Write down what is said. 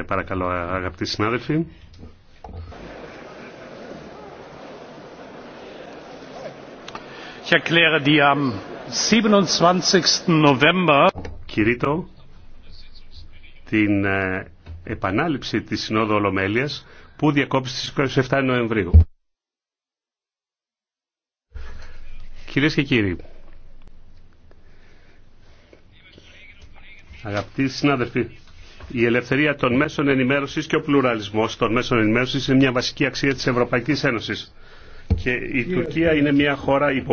Ε, παρακαλώ αγαπητοί συνάδελφοι. Ich erkläre die am 27. November Κηρύττω την ε, επανάληψη της Συνόδου Ολομέλειας που διακόπησε στις 27 Νοεμβρίου. Κυρίες και κύριοι, αγαπητοί συνάδελφοι, η ελευθερία των μέσων ενημέρωσης και ο πλουραλισμός των μέσων ενημέρωσης είναι μια βασική αξία της Ευρωπαϊκής Ένωσης. Και η Τουρκία είναι μια χώρα υπό